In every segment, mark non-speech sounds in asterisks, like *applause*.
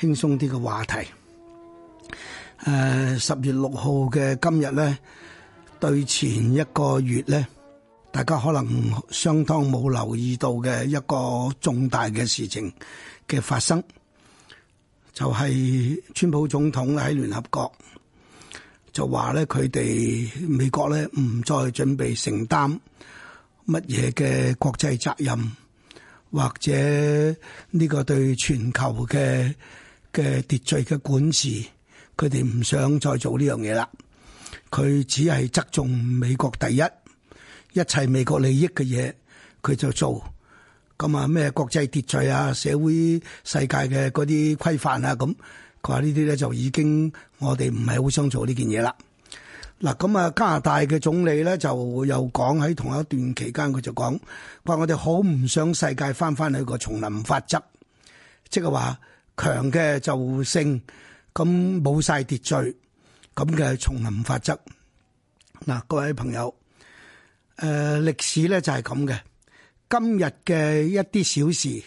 輕鬆啲嘅話題。誒，十月六號嘅今日咧，對前一個月咧，大家可能相當冇留意到嘅一個重大嘅事情嘅發生，就係、是、川普總統喺聯合國就話咧，佢哋美國咧唔再準備承擔乜嘢嘅國際責任，或者呢個對全球嘅。嘅秩序嘅管治，佢哋唔想再做呢樣嘢啦。佢只係側重美國第一，一切美國利益嘅嘢佢就做咁啊。咩、嗯、國際秩序啊，社會世界嘅嗰啲規範啊，咁佢話呢啲咧就已經我哋唔係好想做呢件嘢啦。嗱咁啊，加拿大嘅總理咧就又講喺同一段期間，佢就講話我哋好唔想世界翻翻去個叢林法則，即係話。強嘅就勝，咁冇晒秩序，咁嘅叢林法則。嗱，各位朋友，誒、呃，歷史咧就係咁嘅。今日嘅一啲小事，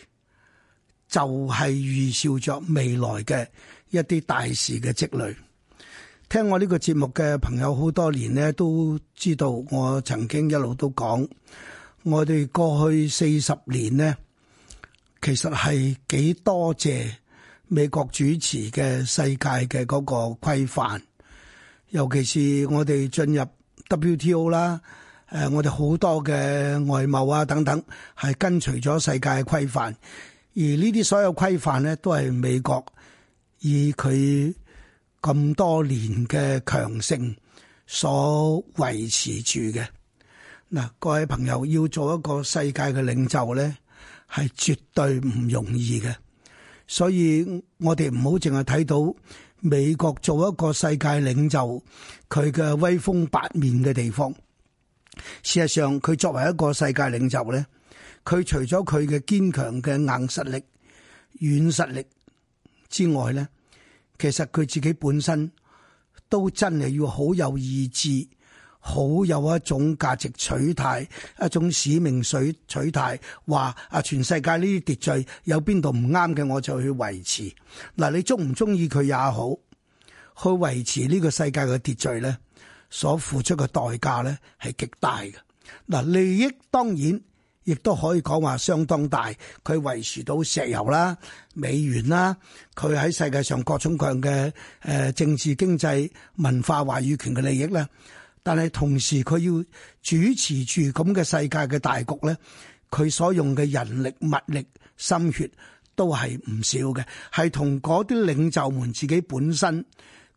就係、是、預兆着未來嘅一啲大事嘅積累。聽我呢個節目嘅朋友好多年呢，都知道我曾經一路都講，我哋過去四十年呢，其實係幾多謝。美國主持嘅世界嘅嗰個規範，尤其是我哋進入 WTO 啦，誒，我哋好多嘅外貿啊等等，係跟隨咗世界嘅規範。而呢啲所有規範咧，都係美國以佢咁多年嘅強盛所維持住嘅。嗱，各位朋友要做一個世界嘅領袖咧，係絕對唔容易嘅。所以我哋唔好淨係睇到美國做一個世界領袖，佢嘅威風八面嘅地方。事實上，佢作為一個世界領袖咧，佢除咗佢嘅堅強嘅硬實力、軟實力之外咧，其實佢自己本身都真係要好有意志。好有一種價值取態，一種使命水取取態，話啊，全世界呢啲秩序有邊度唔啱嘅，我就去維持。嗱，你中唔中意佢也好，去維持呢個世界嘅秩序咧，所付出嘅代價咧係極大嘅。嗱，利益當然亦都可以講話相當大，佢維持到石油啦、美元啦，佢喺世界上各種各樣嘅誒政治、經濟、文化話語權嘅利益咧。但係同時，佢要主持住咁嘅世界嘅大局咧，佢所用嘅人力、物力、心血都係唔少嘅，係同嗰啲領袖們自己本身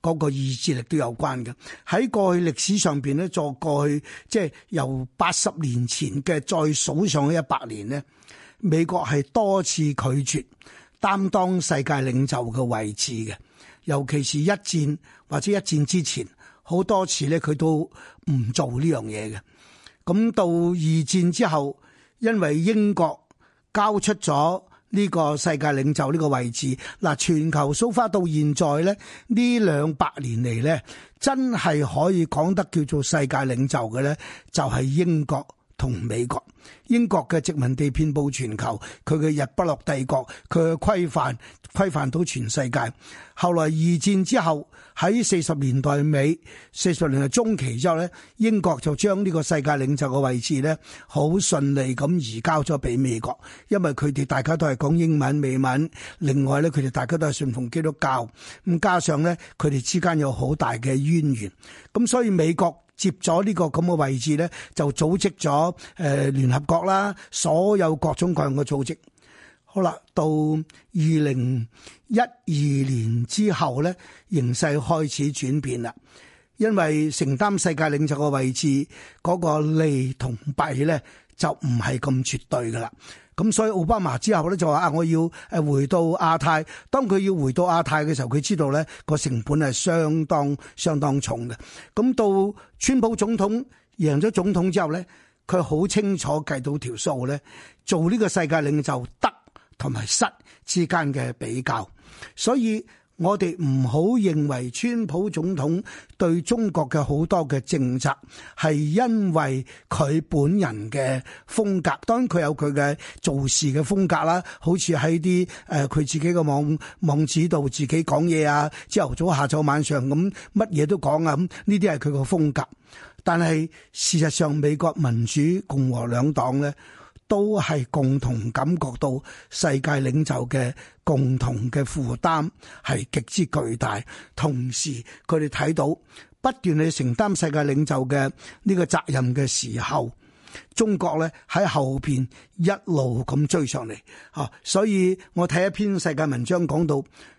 嗰個意志力都有關嘅。喺過去歷史上邊咧，做過去即係由八十年前嘅再數上去一百年呢，美國係多次拒絕擔當世界領袖嘅位置嘅，尤其是一戰或者一戰之前。好多次咧，佢都唔做呢樣嘢嘅。咁到二戰之後，因為英國交出咗呢個世界領袖呢個位置，嗱，全球蘇花到現在咧呢兩百年嚟咧，真係可以講得叫做世界領袖嘅咧，就係英國同美國。英國嘅殖民地遍布全球，佢嘅日不落帝國，佢嘅規範規範到全世界。後來二戰之後。喺四十年代尾、四十年代中期之後，咧，英國就將呢個世界領袖嘅位置咧，好順利咁移交咗俾美國，因為佢哋大家都係講英文、美文，另外咧佢哋大家都係信奉基督教，咁加上咧佢哋之間有好大嘅淵源，咁所以美國接咗呢個咁嘅位置咧，就組織咗誒聯合國啦，所有各種各樣嘅組織。好啦，到二零一二年之後咧，形勢開始轉變啦。因為承擔世界領袖嘅位置嗰個利同弊咧，就唔係咁絕對噶啦。咁所以奧巴馬之後咧就話我要誒回到亞太。當佢要回到亞太嘅時候，佢知道咧個成本係相當相當重嘅。咁到川普總統贏咗總統之後咧，佢好清楚計到條數咧，做呢個世界領袖得同埋失之間嘅比較，所以我哋唔好認為川普總統對中國嘅好多嘅政策係因為佢本人嘅風格，當然佢有佢嘅做事嘅風格啦。好似喺啲誒佢自己嘅網網址度自己講嘢啊，朝頭早、下晝、晚上咁乜嘢都講啊，咁呢啲係佢個風格。但係事實上，美國民主共和兩黨咧。都係共同感覺到世界領袖嘅共同嘅負擔係極之巨大，同時佢哋睇到不斷去承擔世界領袖嘅呢個責任嘅時候，中國咧喺後邊一路咁追上嚟，吓！所以我睇一篇世界文章講到，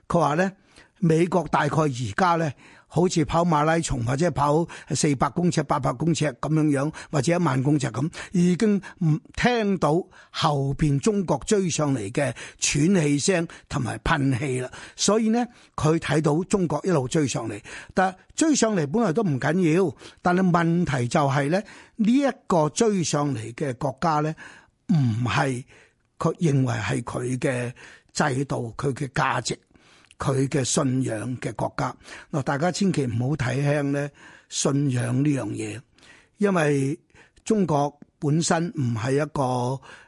佢話咧美國大概而家咧。好似跑馬拉松或者跑四百公尺，八百公尺咁樣樣，或者一萬公尺咁，已經唔聽到後邊中國追上嚟嘅喘氣聲同埋噴氣啦。所以呢，佢睇到中國一路追上嚟，但係追上嚟本來都唔緊要。但係問題就係咧，呢一個追上嚟嘅國家咧，唔係佢認為係佢嘅制度，佢嘅價值。佢嘅信仰嘅國家，嗱，大家千祈唔好睇輕咧信仰呢樣嘢，因為中國。本身唔係一個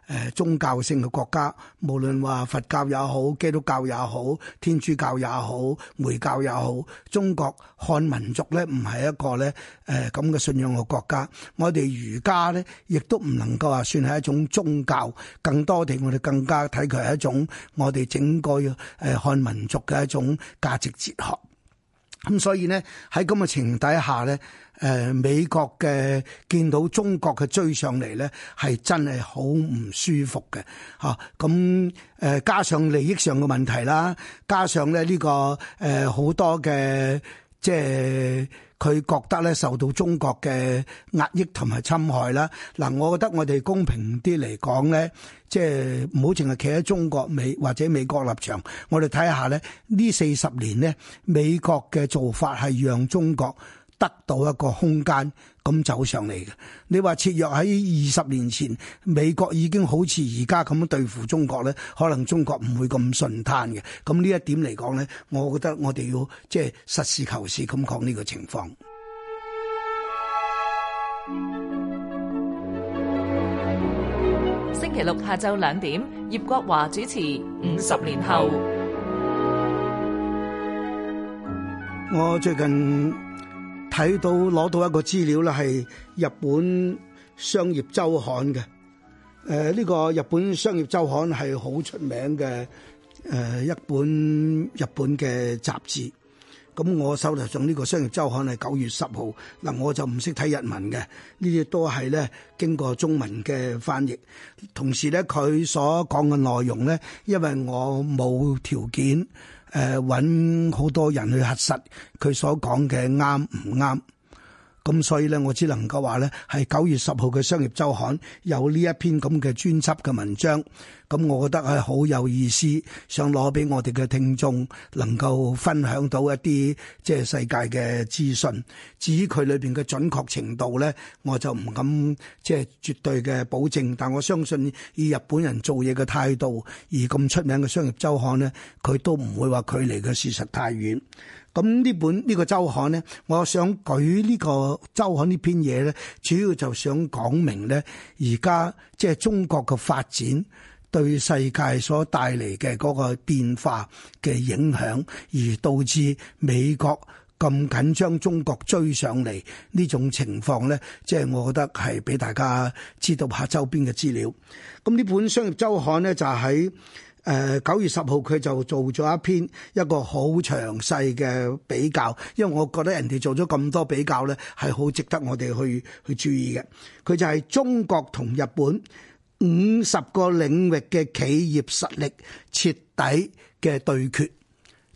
誒宗教性嘅國家，無論話佛教也好、基督教也好、天主教也好、回教也好，中國漢民族咧唔係一個咧誒咁嘅信仰嘅國家。我哋儒家咧亦都唔能夠話算係一種宗教，更多地我哋更加睇佢係一種我哋整個誒漢民族嘅一種價值哲學。咁所以咧喺咁嘅情底下咧，誒、呃、美國嘅見到中國嘅追上嚟咧，係真係好唔舒服嘅嚇。咁、啊、誒、呃、加上利益上嘅問題啦，加上咧、這、呢個誒好、呃、多嘅。即係佢覺得咧受到中國嘅壓抑同埋侵害啦。嗱，我覺得我哋公平啲嚟講咧，即係唔好淨係企喺中國美或者美國立場，我哋睇下咧，呢四十年咧，美國嘅做法係讓中國得到一個空間。咁走上嚟嘅，你話切若喺二十年前，美國已經好似而家咁樣對付中國咧，可能中國唔會咁順攤嘅。咁呢一點嚟講咧，我覺得我哋要即係實事求是咁講呢個情況。星期六下晝兩點，葉國華主持《五十年後》。 *music* 我最近。睇到攞到一個資料啦，係日本商業周刊嘅。誒、呃，呢、這個日本商業周刊係好出名嘅誒、呃、一本日本嘅雜誌。咁我手頭上呢個商業周刊係九月十號。嗱、呃，我就唔識睇日文嘅，呢啲都係咧經過中文嘅翻譯。同時咧，佢所講嘅內容咧，因為我冇條件。誒，揾好多人去核實佢所講嘅啱唔啱？咁所以咧，我只能夠話咧，係九月十號嘅商業周刊有呢一篇咁嘅專輯嘅文章。咁我覺得係好有意思，想攞俾我哋嘅聽眾能夠分享到一啲即係世界嘅資訊。至於佢裏邊嘅準確程度咧，我就唔敢即係絕對嘅保證。但我相信以日本人做嘢嘅態度而咁出名嘅商業周刊呢，佢都唔會話距離嘅事實太遠。咁呢本呢個周刊咧，我想舉呢個周刊呢篇嘢咧，主要就想講明咧，而家即係中國嘅發展對世界所帶嚟嘅嗰個變化嘅影響，而導致美國咁緊張中國追上嚟呢種情況咧，即係我覺得係俾大家知道下周邊嘅資料。咁呢本商業周刊咧就喺，誒九月十號佢就做咗一篇一個好詳細嘅比較，因為我覺得人哋做咗咁多比較咧，係好值得我哋去去注意嘅。佢就係中國同日本五十個領域嘅企業實力徹底嘅對決，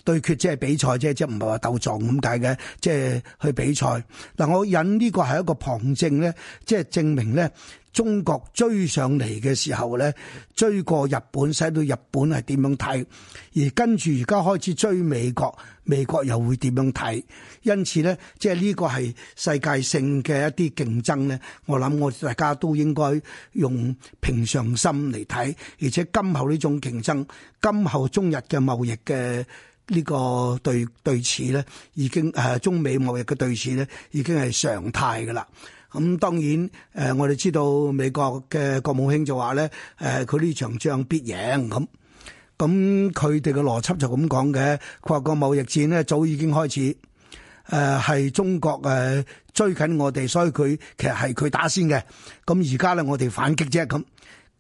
對決即係比賽啫，即係唔係話鬥撞咁解嘅，即係去比賽。嗱，我引呢個係一個旁證咧，即係證明咧。中國追上嚟嘅時候咧，追過日本，使到日本係點樣睇，而跟住而家開始追美國，美國又會點樣睇？因此咧，即係呢個係世界性嘅一啲競爭咧。我諗我大家都應該用平常心嚟睇，而且今後呢種競爭，今後中日嘅貿易嘅呢個對對峙咧，已經誒、啊、中美貿易嘅對峙咧，已經係常態㗎喇。.咁當然，誒、呃、我哋知道美國嘅國務卿就話咧，誒，佢呢場仗必贏咁。咁佢哋嘅邏輯就咁講嘅，佢話個貿易戰咧，早已經開始，誒、呃、係中國誒、呃、追緊我哋，所以佢其實係佢打先嘅，咁而家咧我哋反擊啫咁。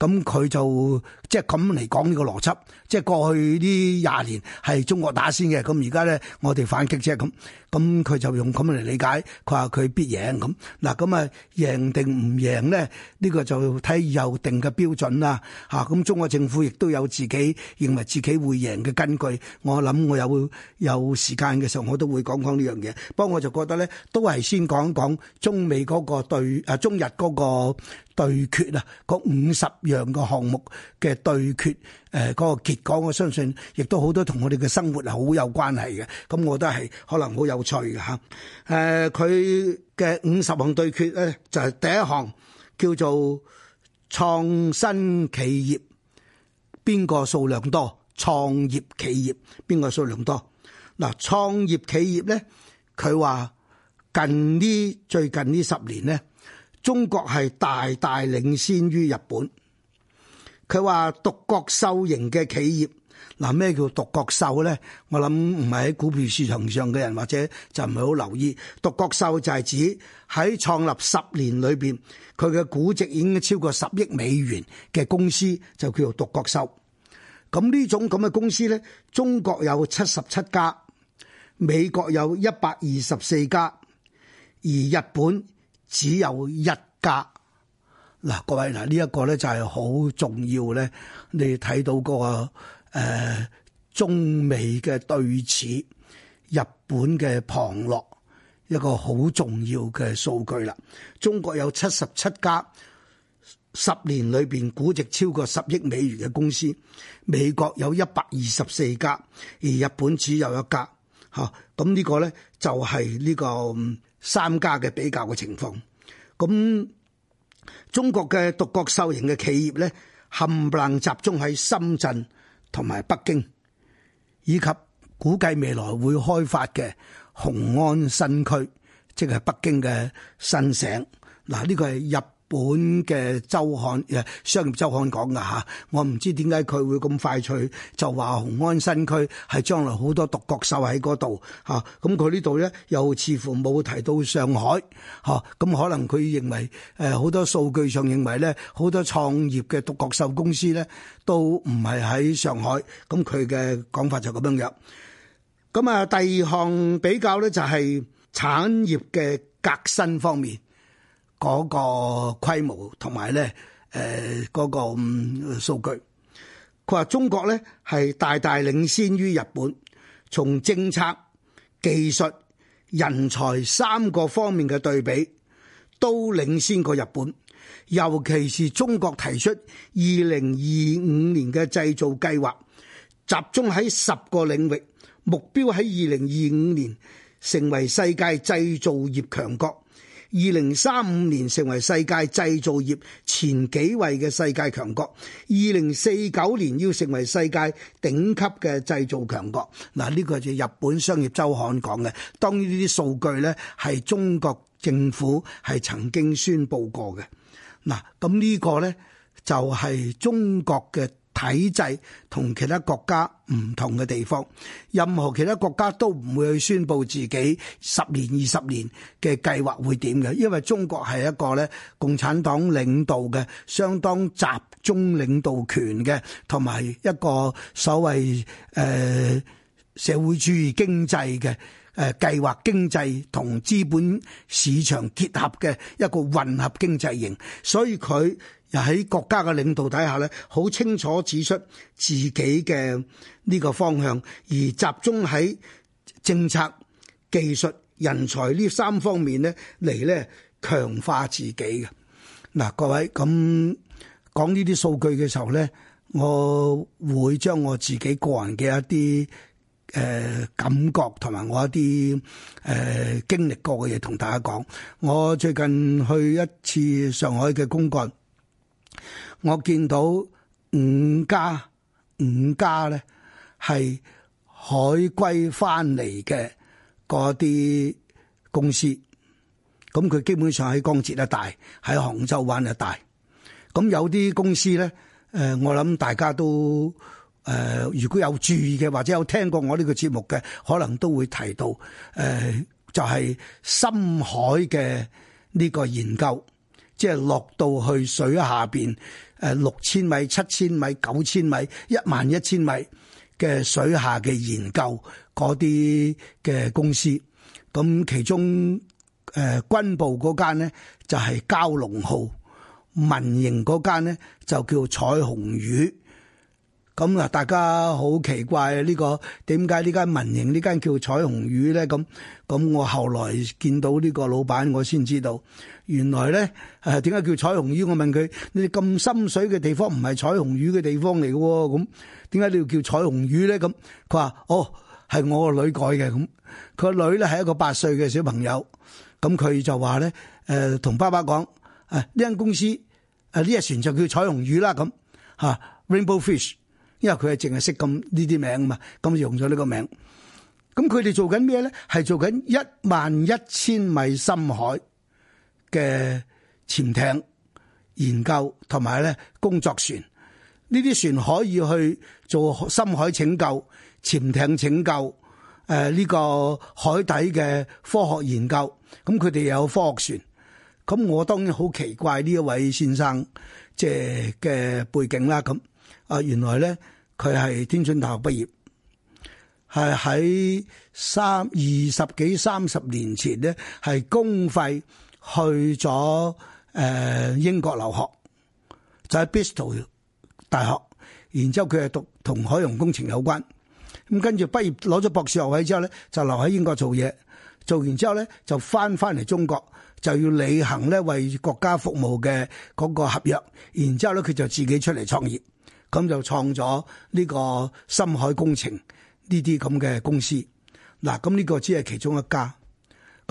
咁佢就即係咁嚟講呢個邏輯，即係過去呢廿年係中國打先嘅，咁而家咧我哋反擊啫，咁咁佢就用咁嚟理解，佢話佢必贏咁。嗱，咁啊贏定唔贏咧？呢個就睇有定嘅標準啦。吓，咁中國政府亦都有自己認為自己會贏嘅根據。我諗我有會有時間嘅時候，我都會講講呢樣嘢。不過我就覺得咧，都係先講一講中美嗰個對誒中日嗰個對決啊！嗰五十樣個項目嘅對決，誒，嗰、呃嗰個結果，我相信亦都好多同我哋嘅生活係好有關係嘅。咁，我覺得係可能好有趣嘅吓。誒、呃，佢嘅五十項對決咧，就係、是、第一項叫做創新企業，邊個數量多？創業企業邊個數量多？嗱、呃，創業企業咧，佢話近呢最近呢十年咧。中國係大大領先於日本。佢話獨角獸型嘅企業，嗱，咩叫獨角獸咧？我諗唔係喺股票市場上嘅人或者就唔係好留意。獨角獸就係指喺創立十年裏邊，佢嘅估值已經超過十億美元嘅公司就叫做獨角獸。咁呢種咁嘅公司咧，中國有七十七家，美國有一百二十四家，而日本，只有一家，嗱，各位嗱，呢、這、一個咧就係好重要咧，你睇到個誒、呃、中美嘅對峙，日本嘅旁落，一個好重要嘅數據啦。中國有七十七家，十年裏邊估值超過十億美元嘅公司，美國有一百二十四家，而日本只有一家，吓、啊，咁、這個、呢個咧就係、是、呢、這個。嗯三家嘅比較嘅情況，咁中國嘅獨角獸型嘅企業咧，冚唪唥集中喺深圳同埋北京，以及估計未來會開發嘅雄安新區，即係北京嘅新城。嗱，呢個係入。本嘅週刊，誒商業週刊講噶嚇，我唔知點解佢會咁快脆就話雄安新區係將來好多獨角獸喺嗰度嚇，咁佢呢度咧又似乎冇提到上海嚇，咁可能佢認為誒好多數據上認為咧，好多創業嘅獨角獸公司咧都唔係喺上海，咁佢嘅講法就咁樣嘅。咁啊，第二項比較咧就係產業嘅革新方面。個規模同埋咧，誒、呃，嗰個、嗯、數據，佢話中國咧係大大領先於日本，從政策、技術、人才三個方面嘅對比，都領先過日本。尤其是中國提出二零二五年嘅製造計劃，集中喺十個領域，目標喺二零二五年成為世界製造業強國。二零三五年成為世界製造業前幾位嘅世界強國，二零四九年要成為世界頂級嘅製造強國。嗱，呢個就日本商業周刊講嘅。當然呢啲數據呢係中國政府係曾經宣布過嘅。嗱，咁呢個呢，就係中國嘅。體制同其他國家唔同嘅地方，任何其他國家都唔會去宣佈自己十年、二十年嘅計劃會點嘅，因為中國係一個咧共產黨領導嘅、相當集中領導權嘅，同埋一個所謂誒、呃、社會主義經濟嘅誒、呃、計劃經濟同資本市場結合嘅一個混合經濟型，所以佢。又喺國家嘅領導底下咧，好清楚指出自己嘅呢個方向，而集中喺政策、技術、人才呢三方面咧嚟咧強化自己嘅嗱。各位咁講呢啲數據嘅時候咧，我會將我自己個人嘅一啲誒、呃、感覺同埋我一啲誒、呃、經歷過嘅嘢同大家講。我最近去一次上海嘅公幹。我見到五家五家咧，係海歸翻嚟嘅嗰啲公司，咁佢基本上喺江浙一帶，喺杭州灣一帶，咁有啲公司咧，誒，我諗大家都誒、呃，如果有注意嘅或者有聽過我呢個節目嘅，可能都會提到誒、呃，就係、是、深海嘅呢個研究。即係落到去水下面，誒，六千米、七千米、九千米、一萬一千米嘅水下嘅研究嗰啲嘅公司，咁其中誒、呃、軍部嗰間呢，就係蛟龍號，民營嗰間呢，就叫彩虹魚。咁啊，大家好奇怪呢、呢個點解呢間民營呢間叫彩虹魚咧？咁咁我後來見到呢個老闆，我先知道。原來咧，點解叫彩虹魚？我問佢：你咁深水嘅地方唔係彩虹魚嘅地方嚟嘅喎？咁點解你要叫彩虹魚咧？咁佢話：哦，係我個女改嘅。咁佢個女咧，係一個八歲嘅小朋友。咁佢就話咧：誒，同爸爸講，呢間公司呢隻船就叫彩虹魚啦。咁嚇，Rainbow Fish，因為佢係淨係識咁呢啲名啊嘛。咁就用咗呢個名。咁佢哋做緊咩咧？係做緊一萬一千米深海。嘅潛艇研究同埋咧工作船，呢啲船可以去做深海拯救、潛艇拯救，誒、這、呢個海底嘅科學研究。咁佢哋有科學船。咁我當然好奇怪呢一位先生即係嘅背景啦。咁啊，原來咧佢係天津大學畢業，係喺三二十幾三十年前呢係公費。去咗誒英國留學，就喺 Bristol 大學，然之後佢係讀同海洋工程有關，咁跟住畢業攞咗博士學位之後咧，就留喺英國做嘢，做完之後咧就翻翻嚟中國，就要履行咧為國家服務嘅嗰個合約，然之後咧佢就自己出嚟創業，咁就創咗呢個深海工程呢啲咁嘅公司，嗱咁呢個只係其中一家。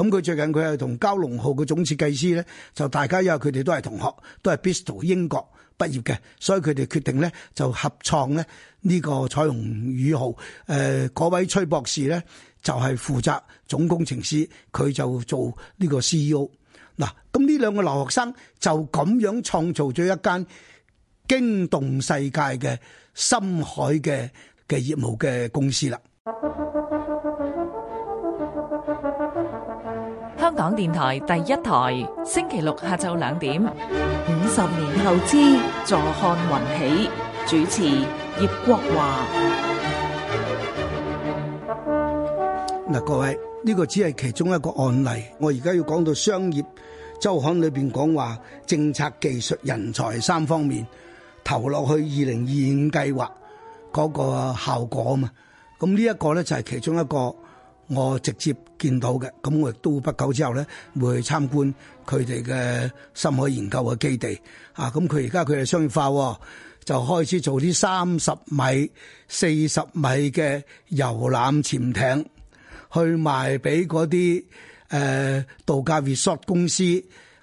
咁佢最近佢係同蛟龍號嘅總設計師咧，就大家因為佢哋都係同學，都係 Bristol 英國畢業嘅，所以佢哋決定咧就合創咧呢個彩虹魚號。誒、呃，嗰位崔博士咧就係負責總工程師，佢就做呢個 CEO。嗱，咁呢兩個留學生就咁樣創造咗一間驚動世界嘅深海嘅嘅業務嘅公司啦。港電台第一台，星期六下晝兩點。五十年後之坐看雲起，主持葉國華。嗱，各位，呢個只係其中一個案例。我而家要講到商業周刊裏邊講話，政策、技術、人才三方面投落去二零二五計劃嗰個效果嘛。咁呢一個咧就係其中一個。我直接見到嘅，咁我亦都不久之後咧，會去參觀佢哋嘅深海研究嘅基地。啊，咁佢而家佢哋商業化喎，就開始做啲三十米、四十米嘅遊覽潛艇，去賣俾嗰啲誒度假 resort 公司，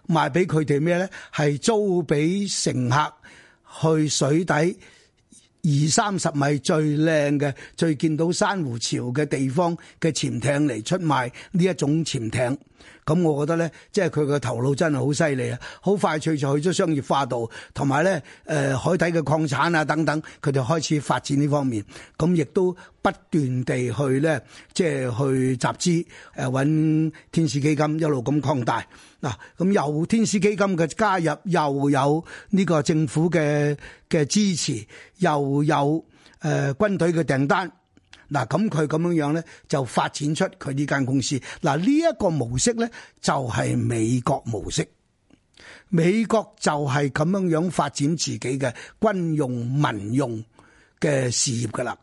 賣俾佢哋咩咧？係租俾乘客去水底。二三十米最靚嘅，最見到珊瑚礁嘅地方嘅潛艇嚟，出賣呢一種潛艇。咁我覺得咧，即係佢個頭腦真係好犀利啊！好快脆就去咗商業化度，同埋咧誒海底嘅礦產啊等等，佢就開始發展呢方面。咁亦都不斷地去咧，即係去集資誒，揾天使基金一路咁擴大。嗱，咁由天使基金嘅加入，又有呢個政府嘅嘅支持，又有誒、呃、軍隊嘅訂單，嗱，咁佢咁樣樣咧就發展出佢呢間公司。嗱，呢一個模式咧就係、是、美國模式，美國就係咁樣樣發展自己嘅軍用、民用嘅事業噶啦。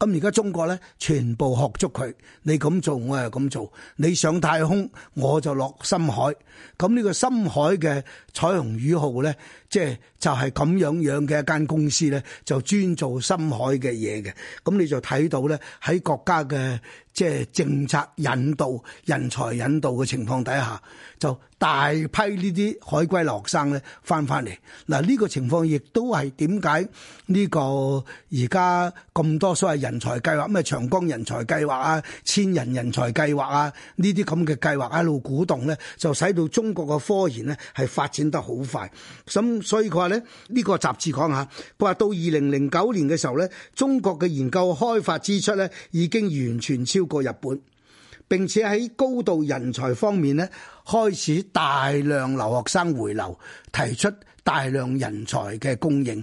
咁而家中國咧，全部學足佢，你咁做，我又咁做，你上太空，我就落深海。咁呢個深海嘅彩虹魚號咧。即係就係咁樣樣嘅一間公司咧，就專做深海嘅嘢嘅。咁你就睇到咧，喺國家嘅即係政策引導、人才引導嘅情況底下，就大批呢啲海歸留學生咧翻翻嚟。嗱，呢個情況亦都係點解呢個而家咁多所謂人才計劃，咩長江人才計劃啊、千人人才計劃啊，呢啲咁嘅計劃一路鼓動咧，就使到中國嘅科研咧係發展得好快。咁所以佢話咧呢個雜誌講下，佢話到二零零九年嘅時候咧，中國嘅研究開發支出咧已經完全超過日本，並且喺高度人才方面咧開始大量留學生回流，提出大量人才嘅供應。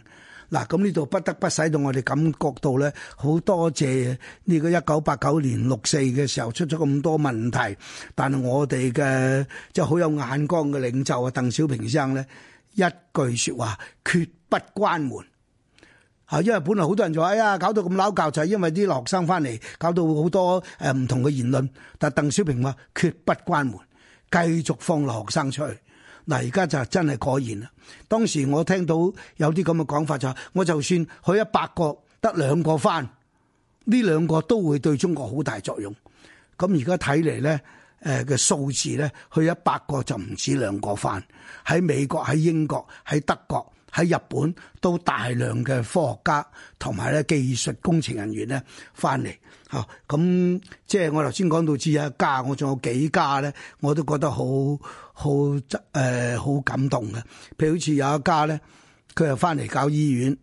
嗱，咁呢度不得不使到我哋感覺到咧，好多謝呢個一九八九年六四嘅時候出咗咁多問題，但係我哋嘅即係好有眼光嘅領袖啊，鄧小平先生咧。一句說話，絕不關門。吓，因為本來好多人就哎呀，搞到咁鬧交，就係、是、因為啲留學生翻嚟，搞到好多誒唔同嘅言論。但係鄧小平話，絕不關門，繼續放留學生出去。嗱，而家就真係果然啦。當時我聽到有啲咁嘅講法就係，我就算去一百個，得兩個翻，呢兩個都會對中國好大作用。咁而家睇嚟咧。誒嘅數字咧，去一百個就唔止兩個翻。喺美國、喺英國、喺德國、喺日本都大量嘅科學家同埋咧技術工程人員咧，翻嚟嚇。咁、嗯、即係我頭先講到只有一家，我仲有幾家咧，我都覺得好好誒好感動嘅。譬如好似有一家咧，佢又翻嚟搞醫院；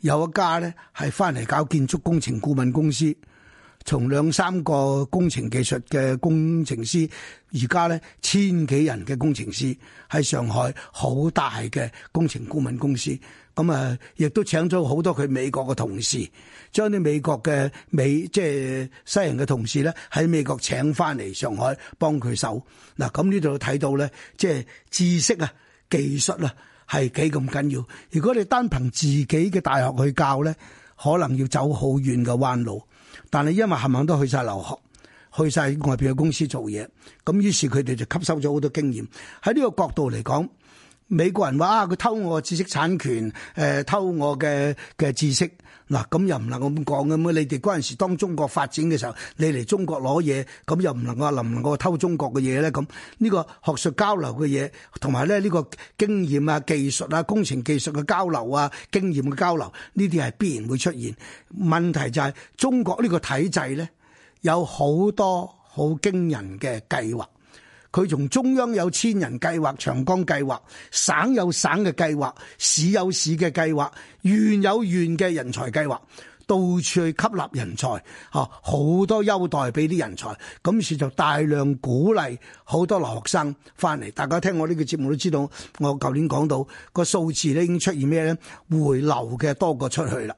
有一家咧係翻嚟搞建築工程顧問公司，從兩三個工程技術嘅工程師，而家咧千幾人嘅工程師喺上海好大嘅工程顧問公司，咁啊，亦都請咗好多佢美國嘅同事，將啲美國嘅美即係西人嘅同事咧喺美國請返嚟上海幫佢手。嗱，咁呢度睇到咧，即係知識啊、技術啊，係幾咁緊要。如果你單憑自己嘅大學去教咧，可能要走好遠嘅彎路。但係因為冚唪唥都去晒留學，去晒外邊嘅公司做嘢，咁於是佢哋就吸收咗好多經驗。喺呢個角度嚟講，美國人話啊，佢偷我知識產權，誒、呃，偷我嘅嘅知識。嗱，咁又唔能咁講嘅咩？你哋嗰陣時當中國發展嘅時候，你嚟中國攞嘢，咁又唔能夠，話，能唔能夠偷中國嘅嘢咧？咁呢個學術交流嘅嘢，同埋咧呢個經驗啊、技術啊、工程技術嘅交流啊、經驗嘅交流，呢啲係必然會出現問題，就是，就係中國呢個體制咧，有好多好驚人嘅計劃。佢從中央有千人計劃、長江計劃，省有省嘅計劃，市有市嘅計劃，縣有縣嘅人才計劃，到處去吸納人才，吓好多優待俾啲人才，咁於是就大量鼓勵好多留學生翻嚟。大家聽我呢個節目都知道，我舊年講到個數字咧已經出現咩咧，回流嘅多過出去啦。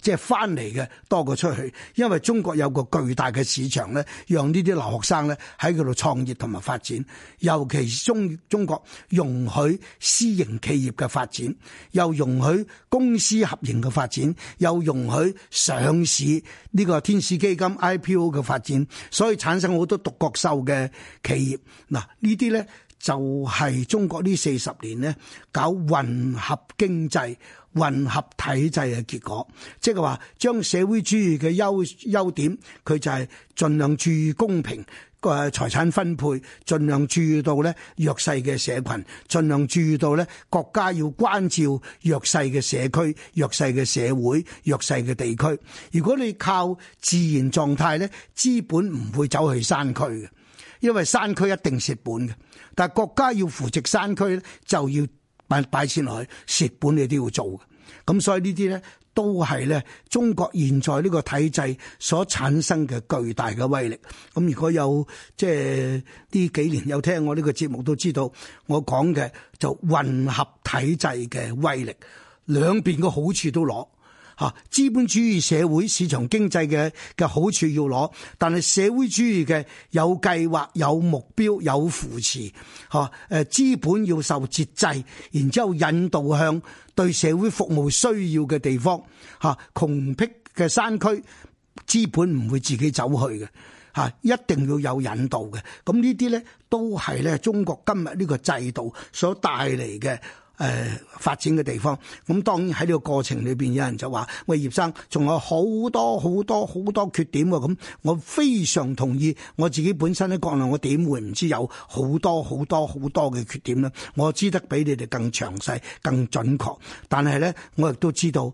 即係翻嚟嘅多過出去，因為中國有個巨大嘅市場咧，讓呢啲留學生咧喺佢度創業同埋發展。尤其中中國容許私營企業嘅發展，又容許公私合營嘅發展，又容許上市呢個天使基金 IPO 嘅發展，所以產生好多獨角獸嘅企業。嗱，呢啲咧。就係中國呢四十年咧搞混合經濟、混合體制嘅結果，即係話將社會主義嘅優優點，佢就係盡量注意公平嘅財產分配，盡量注意到咧弱勢嘅社群，盡量注意到咧國家要關照弱勢嘅社區、弱勢嘅社會、弱勢嘅地區。如果你靠自然狀態呢，資本唔會走去山區嘅。因為山區一定蝕本嘅，但係國家要扶植山區，就要擺錢落去，蝕本你都要做嘅。咁所以呢啲咧都係咧中國現在呢個體制所產生嘅巨大嘅威力。咁如果有即係呢幾年有聽我呢個節目，都知道我講嘅就混合體制嘅威力，兩邊個好處都攞。嚇，資本主義社會市場經濟嘅嘅好處要攞，但係社會主義嘅有計劃、有目標、有扶持，嚇、誒資本要受節制，然之後引導向對社會服務需要嘅地方，嚇，窮僻嘅山區，資本唔會自己走去嘅，嚇，一定要有引導嘅。咁呢啲咧都係咧中國今日呢個制度所帶嚟嘅。誒、呃、發展嘅地方，咁當然喺呢個過程裏邊，有人就話：喂，葉生仲有好多好多好多缺點喎。咁我非常同意，我自己本身喺國內，我點會唔知有好多好多好多嘅缺點呢？我知得比你哋更詳細、更準確。但係咧，我亦都知道，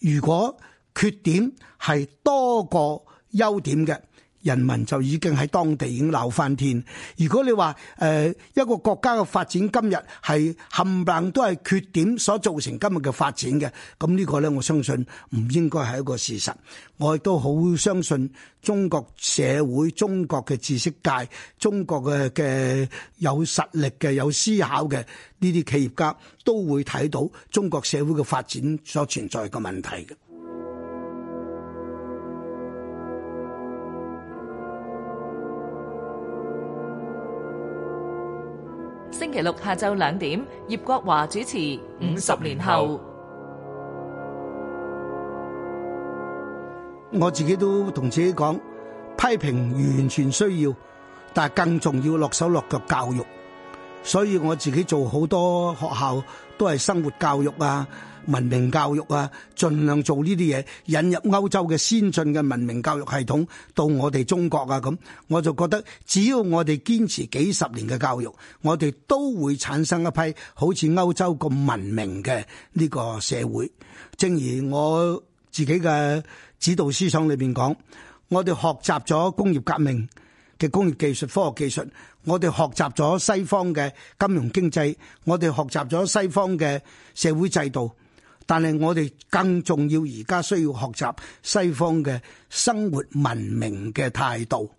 如果缺點係多過優點嘅。人民就已經喺當地已經鬧翻天。如果你話誒、呃、一個國家嘅發展今日係冚唪唥都係缺點所造成今日嘅發展嘅，咁呢個呢，我相信唔應該係一個事實。我亦都好相信中國社會、中國嘅知識界、中國嘅嘅有實力嘅、有思考嘅呢啲企業家都會睇到中國社會嘅發展所存在嘅問題嘅。星期六下晝兩點，葉國華主持。五十年後，我自己都同自己講，批評完全需要，但係更重要落手落腳教育，所以我自己做好多學校都係生活教育啊。文明教育啊，盡量做呢啲嘢，引入歐洲嘅先進嘅文明教育系統到我哋中國啊，咁我就覺得，只要我哋堅持幾十年嘅教育，我哋都會產生一批好似歐洲咁文明嘅呢個社會。正如我自己嘅指導思想裏邊講，我哋學習咗工業革命嘅工業技術、科學技術，我哋學習咗西方嘅金融經濟，我哋學習咗西方嘅社會制度。但係我哋更重要，而家需要學習西方嘅生活文明嘅態度。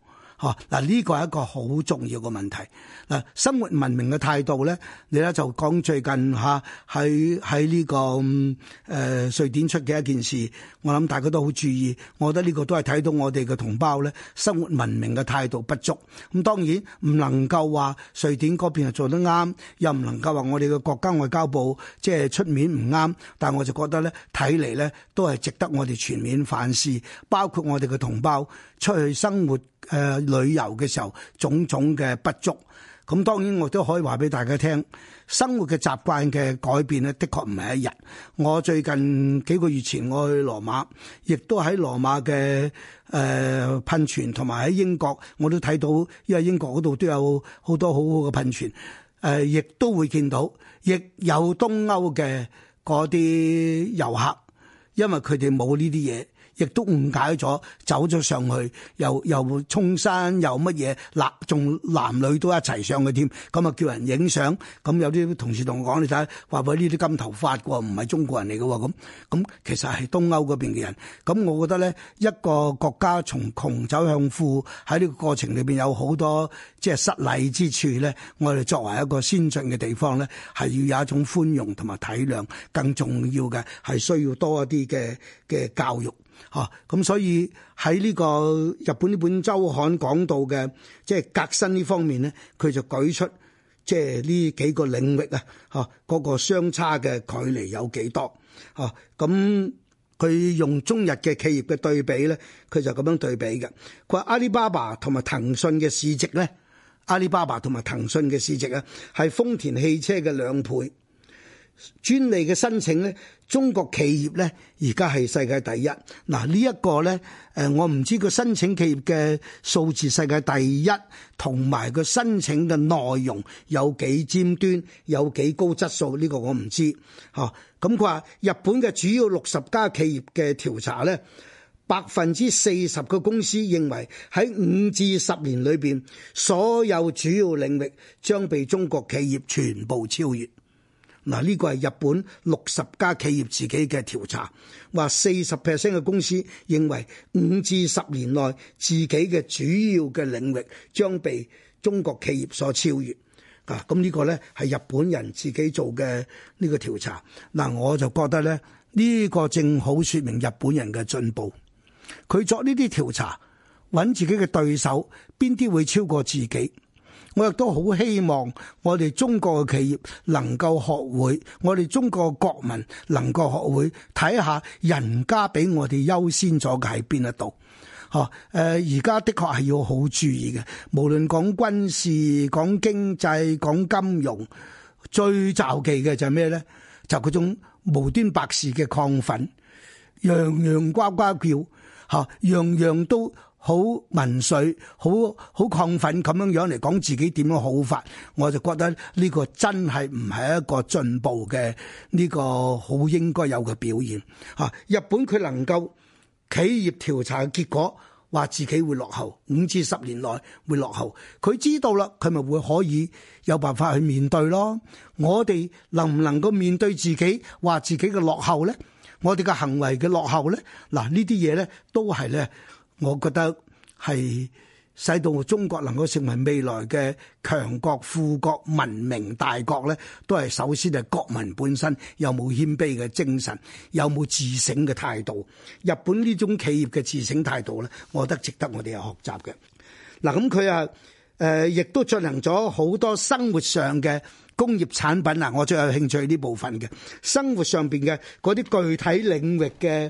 吓嗱，呢個係一個好重要嘅問題。嗱，生活文明嘅態度咧，你咧就講最近吓，喺喺呢個誒、呃、瑞典出嘅一件事，我諗大家都好注意。我覺得呢個都係睇到我哋嘅同胞咧生活文明嘅態度不足。咁當然唔能夠話瑞典嗰邊係做得啱，又唔能夠話我哋嘅國家外交部即係出面唔啱。但係我就覺得咧，睇嚟，咧都係值得我哋全面反思，包括我哋嘅同胞出去生活。誒、呃、旅遊嘅時候，種種嘅不足，咁當然我都可以話俾大家聽。生活嘅習慣嘅改變咧，的確唔係一日。我最近幾個月前我去羅馬，亦都喺羅馬嘅誒、呃、噴泉，同埋喺英國我都睇到，因為英國嗰度都有好多好好嘅噴泉。誒、呃，亦都會見到，亦有東歐嘅嗰啲遊客，因為佢哋冇呢啲嘢。亦都誤解咗，走咗上去，又又衝山，又乜嘢男，仲男女都一齊上去添，咁啊叫人影相。咁有啲同事同我講：你睇，話佢呢啲金頭髮嘅喎，唔係中國人嚟嘅喎，咁咁其實係東歐嗰邊嘅人。咁我覺得咧，一個國家從窮走向富，喺呢個過程裏邊有好多即係失禮之處咧。我哋作為一個先進嘅地方咧，係要有一種寬容同埋體諒，更重要嘅係需要多一啲嘅嘅教育。嚇，咁、啊、所以喺呢個日本呢本周刊講到嘅即係革新呢方面咧，佢就舉出即係呢幾個領域啊，嚇、啊、嗰、嗰個相差嘅距離有幾多？嚇、啊，咁佢用中日嘅企業嘅對比咧，佢就咁樣對比嘅。佢話阿里巴巴同埋騰訊嘅市值咧，阿里巴巴同埋騰訊嘅市值啊，係豐田汽車嘅兩倍。專利嘅申請呢，中國企業呢，而家係世界第一。嗱，呢一個呢，誒，我唔知個申請企業嘅數字世界第一，同埋個申請嘅內容有幾尖端，有幾高質素呢個我唔知。吓，咁佢話日本嘅主要六十家企業嘅調查呢，百分之四十個公司認為喺五至十年裏邊，所有主要領域將被中國企業全部超越。嗱，呢個係日本六十家企業自己嘅調查，話四十 percent 嘅公司認為五至十年內自己嘅主要嘅領域將被中國企業所超越。啊，咁、這個、呢個咧係日本人自己做嘅呢個調查。嗱、啊，我就覺得咧，呢、這個正好說明日本人嘅進步。佢作呢啲調查，揾自己嘅對手邊啲會超過自己。我亦都好希望我哋中國嘅企業能夠學會，我哋中國嘅國民能夠學會睇下人家俾我哋優先咗嘅喺邊一度。吓，誒，而家的確係要好注意嘅，無論講軍事、講經濟、講金融，最驟忌嘅就係咩咧？就嗰種無端白事嘅亢奮，樣樣呱呱叫，吓，樣樣都。好民粹，好好亢奮，咁樣樣嚟講自己點樣好法，我就覺得呢個真係唔係一個進步嘅呢、呢個好應該有嘅表現吓、啊。日本佢能夠企業調查嘅結果，話自己會落後五至十年內會落後，佢知道啦，佢咪會可以有辦法去面對咯。我哋能唔能夠面對自己，話自己嘅落後咧？我哋嘅行為嘅落後咧？嗱呢啲嘢咧，都係咧。我覺得係使到中國能夠成為未來嘅強國、富國、文明大國咧，都係首先係國民本身有冇謙卑嘅精神，有冇自省嘅態度。日本呢種企業嘅自省態度咧，我覺得值得我哋學習嘅。嗱，咁佢啊，誒，亦都進行咗好多生活上嘅工業產品啊，我最有興趣呢部分嘅生活上邊嘅嗰啲具體領域嘅。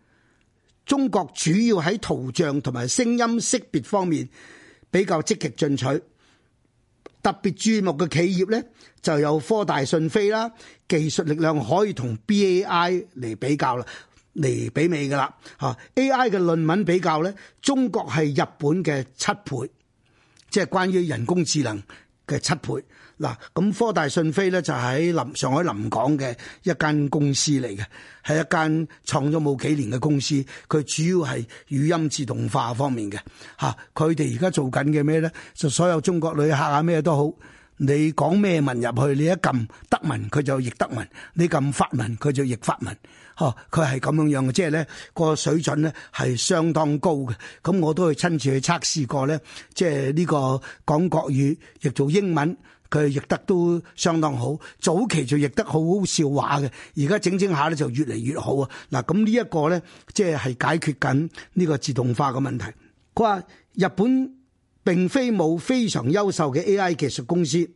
中國主要喺圖像同埋聲音識別方面比較積極進取，特別注目嘅企業呢，就有科大訊飛啦，技術力量可以同 B A I 嚟比較啦，嚟媲美㗎啦吓。A I 嘅論文比較呢，中國係日本嘅七倍，即係關於人工智能嘅七倍。嗱，咁科大訊飛咧就喺臨上海臨港嘅一間公司嚟嘅，係一間創咗冇幾年嘅公司。佢主要係語音自動化方面嘅，嚇。佢哋而家做緊嘅咩咧？就所有中國旅客啊咩都好，你講咩文入去，你一撳德文佢就譯德文，你撳法文佢就譯法文，呵，佢係咁樣樣嘅，即係咧個水準咧係相當高嘅。咁我都去親自去測試過咧，即係呢個講國語亦做英文。佢譯得都相當好，早期就譯得好好笑話嘅，而家整整下咧就越嚟越好啊！嗱，咁呢一個咧，即係解決緊呢個自動化嘅問題。佢話日本並非冇非常優秀嘅 AI 技術公司。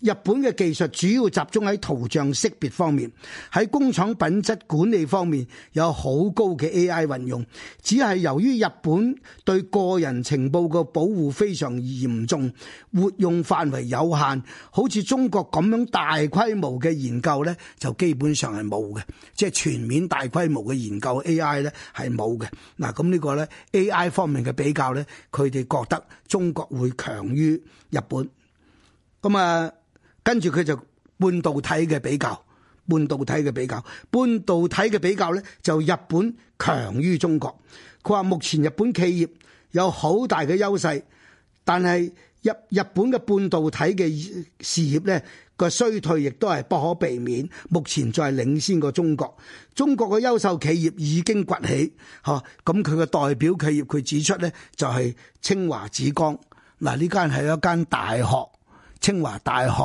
日本嘅技術主要集中喺圖像識別方面，喺工廠品質管理方面有好高嘅 AI 運用。只係由於日本對個人情報嘅保護非常嚴重，活用範圍有限。好似中國咁樣大規模嘅研究呢，就基本上係冇嘅，即係全面大規模嘅研究 AI 呢係冇嘅。嗱，咁呢個呢，AI 方面嘅比較呢，佢哋覺得中國會強於日本。咁啊？跟住佢就半導體嘅比較，半導體嘅比較，半導體嘅比較呢，就日本強於中國。佢話目前日本企業有好大嘅優勢，但係日日本嘅半導體嘅事業呢，個衰退亦都係不可避免。目前仲係領先過中國，中國嘅優秀企業已經崛起嚇。咁佢嘅代表企業佢指出呢，就係清華紫光嗱，呢間係一間大學，清華大學。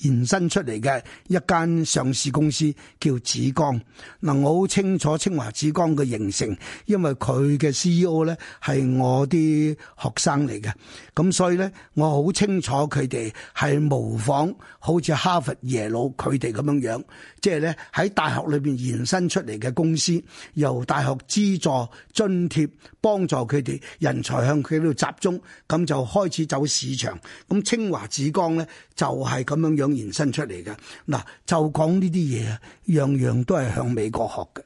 延伸出嚟嘅一間上市公司叫紫光。嗱，我好清楚清華紫光嘅形成，因為佢嘅 CEO 咧係我啲學生嚟嘅，咁所以咧我好清楚佢哋係模仿好似哈佛耶魯佢哋咁樣樣，即係咧喺大學裏邊延伸出嚟嘅公司，由大學資助津貼幫助佢哋人才向佢呢度集中，咁就開始走市場。咁清華紫光咧就係咁樣樣。延伸出嚟嘅。嗱，就講呢啲嘢，樣樣都係向美國學嘅。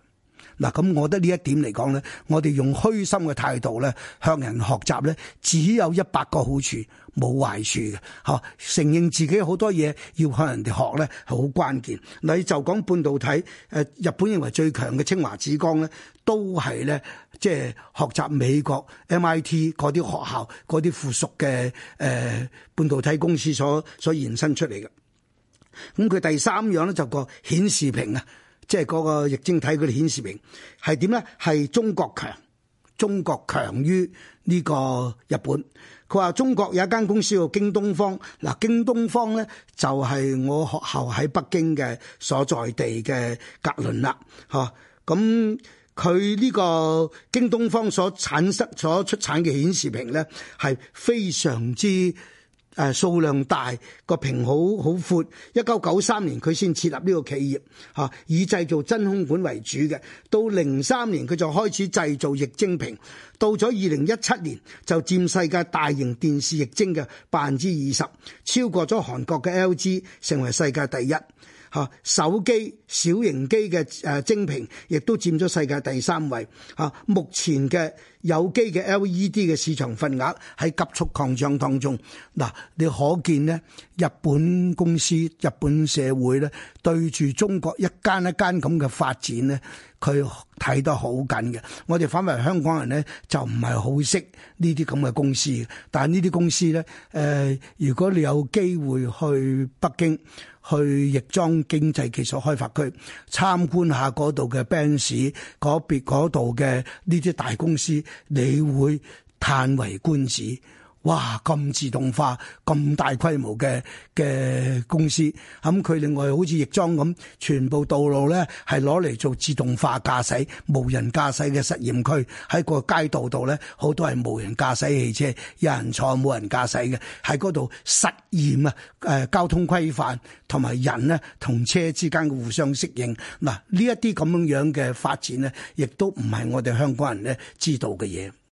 嗱，咁我覺得呢一點嚟講咧，我哋用虛心嘅態度咧，向人學習咧，只有一百個好處，冇壞處嘅。嗬，承認自己好多嘢要向人哋學咧，係好關鍵。你就講半導體，誒，日本認為最強嘅清華紫光咧，都係咧，即係學習美國 MIT 嗰啲學校嗰啲附屬嘅誒半導體公司所所延伸出嚟嘅。咁佢第三樣咧，就個顯示屏啊，即係嗰個液晶體佢顯示屏係點咧？係中國強，中國強於呢個日本。佢話中國有一間公司叫京東方，嗱，京東方咧就係我學校喺北京嘅所在地嘅隔鄰啦，吓咁佢呢個京東方所產生、所出產嘅顯示屏咧係非常之。誒、啊、數量大，個屏好好闊。一九九三年佢先設立呢個企業，嚇、啊、以製造真空管為主嘅，到零三年佢就開始製造液晶屏。到咗二零一七年就佔世界大型電視液晶嘅百分之二十，超過咗韓國嘅 LG，成為世界第一。嚇，手機小型機嘅誒晶屏，亦都佔咗世界第三位。嚇、啊，目前嘅有機嘅 LED 嘅市場份額喺急速擴張當中。嗱，你可見呢，日本公司、日本社會咧，對住中國一間一間咁嘅發展咧，佢睇得好緊嘅。我哋反為香港人咧，就唔係好識呢啲咁嘅公司。但係呢啲公司咧，誒、呃，如果你有機會去北京，去亦莊經濟技術開發區參觀下嗰度嘅 Benz，嗰邊度嘅呢啲大公司，你會嘆為觀止。哇！咁自動化、咁大規模嘅嘅公司，咁佢另外好似亦莊咁，全部道路咧係攞嚟做自動化駕駛、無人駕駛嘅實驗區，喺個街道度咧好多係無人駕駛汽車，有人坐冇人駕駛嘅，喺嗰度實驗啊！誒、呃、交通規範同埋人呢同車之間嘅互相適應，嗱呢一啲咁樣樣嘅發展呢，亦都唔係我哋香港人呢知道嘅嘢。